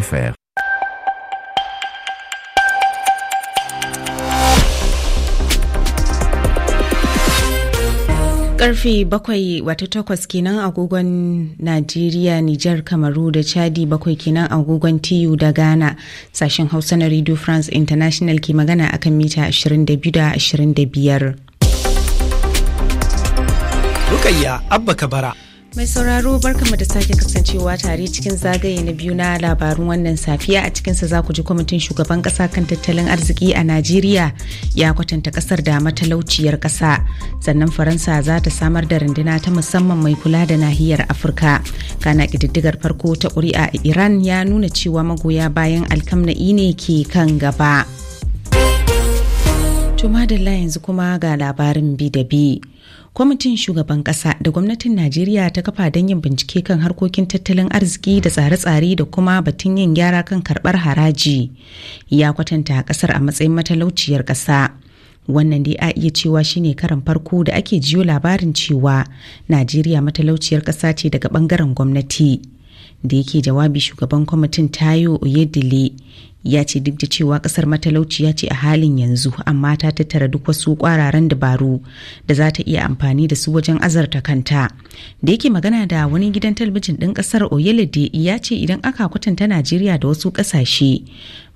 fr. karfe bakwai wata takwas kenan agogon najeriya nijar kamaru da chadi bakwai kenan agogon tiyu da ghana sashen hausa na radio france international ke magana akan mita 22 da 25 rukayya abba kabara Mai sauraro barkamu da sake kasancewa tare cikin zagaye na biyu na labarun wannan safiya a cikinsa za ku ji kwamitin shugaban kasa kan tattalin arziki a Najeriya ya kwatanta kasar da matalauciyar kasa. Sannan Faransa za ta samar da runduna ta musamman mai kula da nahiyar Afirka. Kana kididdigar farko ta kuri'a a Iran ya nuna cewa magoya bayan alkamna'i ne ke kan gaba. Tuma da yanzu kuma ga labarin bi da bi. kwamitin shugaban kasa da gwamnatin najeriya ta kafa don yin bincike kan harkokin tattalin arziki da tsare-tsare da kuma batun yin gyara kan karbar haraji ya kwatanta a kasar a matsayin matalauciyar kasa wannan dai a iya cewa shine karan farko da ake jiyo labarin cewa najeriya matalauciyar kasa ce daga bangaren gwamnati da yake jawabi shugaban kwamitin tayo Oyedile. ya ce duk da cewa kasar matalauciya ce a halin yanzu amma ta tattara duk wasu kwararan dabaru da za ta iya amfani da su wajen azarta kanta da yake magana da wani gidan talabijin ɗin ƙasar oyelade ya ce idan aka kwatanta najeriya da wasu ƙasashe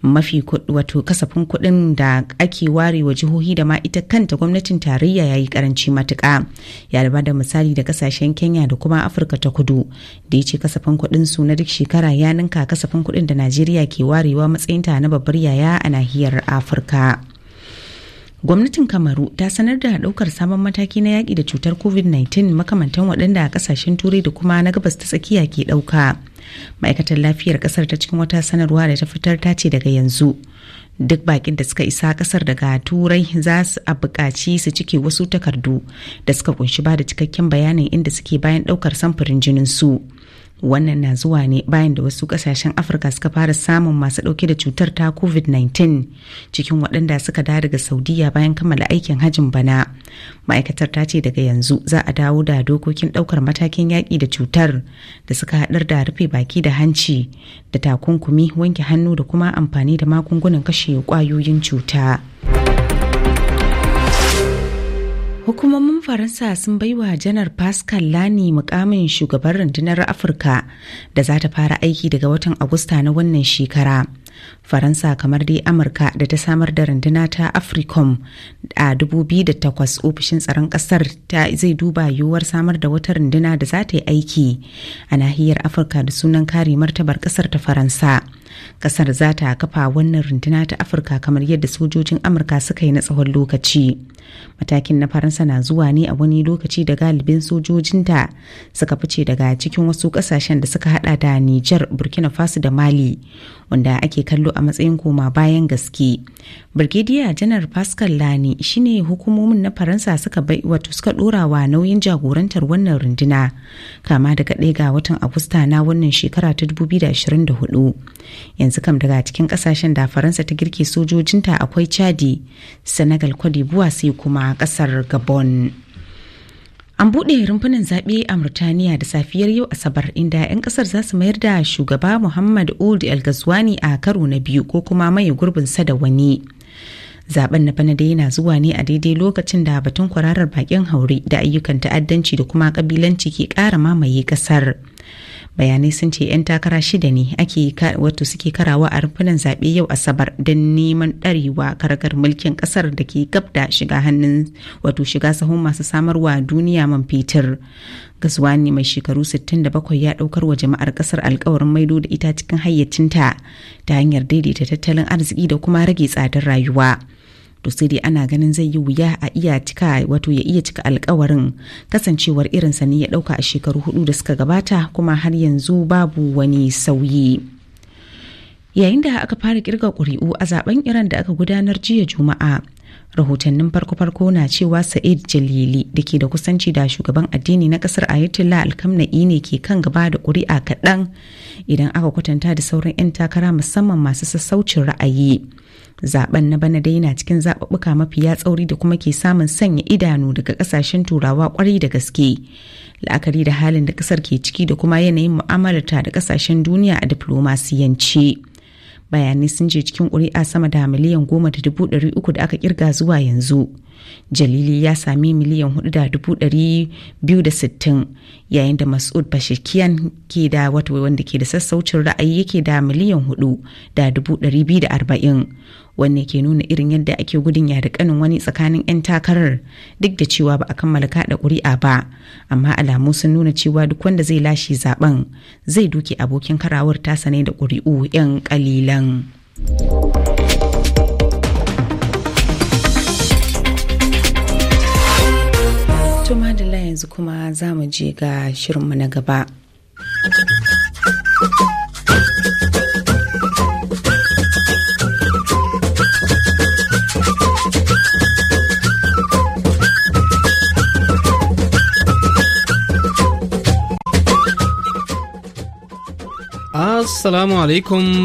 mafi wato kasafin kuɗin da ake ware wa jihohi da ma ita kanta gwamnatin tarayya ya yi karanci matuka ya da da misali da kasashen kenya da kuma afirka ta kudu da ya ce kasafin kuɗin su na duk shekara ya ninka kasafin kuɗin da najeriya ke warewa matsayinta na babbar yaya a nahiyar afirka gwamnatin kamaru ta sanar da daukar sabon mataki na yaƙi da cutar covid-19 makamantan waɗanda a ƙasashen turai da kuma na gabas ta tsakiya ke ɗauka ma'aikatar lafiyar kasar ta cikin wata sanarwa da ta fitar ta ce daga yanzu duk bakin da suka isa kasar daga turai za su a buƙaci su cike wasu takardu da suka kunshi ba da cikakken bayanin inda suke bayan ɗaukar samfurin jinin su. wannan na zuwa ne bayan da wasu kasashen afirka suka fara samun masu dauke da cutar ta covid-19 cikin waɗanda suka da daga saudiya bayan kammala aikin hajin bana ma'aikatar ta ce daga yanzu za a dawo da dokokin ɗaukar matakin yaƙi da cutar da suka haɗar da rufe baki da hanci da takunkumi wanke hannu da kuma amfani da magungunan kashe kwayoyin cuta. Hukumomin Faransa sun bai wa Janar Pascal Lani mukamin shugaban rundunar Afirka da za ta fara aiki daga watan Agusta na wannan shekara. Faransa kamar dai Amurka da ta samar da runduna ta Africom a 2008 ofishin tsaron kasar ta zai duba yiwuwar samar da wata runduna da za ta yi aiki a nahiyar Afirka da sunan kare martabar kasar ta Faransa. kasar za ta kafa wannan runduna ta afirka kamar yadda sojojin amurka suka yi na tsawon lokaci matakin na faransa na zuwa ne a wani lokaci da galibin sojojinta suka fice daga cikin wasu kasashen da suka hada da niger burkina faso da mali wanda ake kallo a matsayin koma bayan gaske birgidiya janar pascal lani shine hukumomin na faransa suka bai wato suka dorawa nauyin jagorantar wannan runduna kama daga ɗaya ga watan agusta na wannan shekara ta 2024 yanzu kam daga cikin kasashen da faransa ta girke sojojinta akwai chadi senegal cote sai kuma kasar gabon An buɗe rumfunan zaɓe a Murtaniya da safiyar yau Asabar inda 'yan ƙasar za su mayar da shugaba Muhammad old El a karo na biyu ko kuma maye gurbinsa da wani. Zaben na bana dai yana zuwa ne a daidai lokacin da batun kwararar bakin haure da ayyukan ta'addanci da kuma ƙabilanci ke ƙara mamaye ƙasar. bayanai sun ce 'yan takara shida ne ake wato suke karawa a rumfunan zaɓe yau asabar don neman ɗarewa karkar mulkin ƙasar da ke gab da shiga hannun wato shiga sahun masu samarwa duniya man fetur Gaswani mai shekaru 67 ya ɗaukar wa jama'ar kasar alkawarin maido da ita cikin hayyacinta ta hanyar daidaita tattalin arziki da kuma rage tsadar rayuwa. to sai dai ana ganin zai yi wuya a iya cika wato ya iya cika alkawarin kasancewar irinsa ne ya dauka a shekaru hudu da suka gabata kuma har yanzu babu wani sauyi yayin da aka fara kirga ƙuri'u a zaben iran da aka gudanar jiya juma'a rahotannin farko-farko na cewa sa'id jalili da ke da kusanci da shugaban addini na kasar ayatollah alkamna'i ne ke kan gaba da ƙuri'a kaɗan idan aka kwatanta da sauran 'yan takara musamman masu sassaucin ra'ayi zaben na bana dai na cikin zaɓuɓɓuka mafiya tsauri da kuma ke samun sanya idanu daga ƙasashen turawa ƙwarai da gaske la'akari da halin da ƙasar ke ciki da kuma yanayin mu'amalarta da ƙasashen duniya a diplomasiyanci. bayanai sun je cikin ƙuri'a sama da miliyan goma da dubu ɗari uku da aka kirga zuwa yanzu jalili ya sami miliyan hudu da dubu ɗari biyu da sittin yayin da masud bashikiyan ke da wato wanda ke da sassaucin ra'ayi yake da miliyan hudu da dubu ɗari biyu da arba'in wanne ke nuna irin yadda ake gudun ya da kanin wani tsakanin 'yan takarar duk da cewa ba a kammala kada kuri'a ba amma alamu sun nuna cewa duk wanda zai lashe zaben zai duke abokin karawar tasa ne da kuri'u 'yan kalilan. kuma za mu je ga shirinmu na gaba. السلام عليكم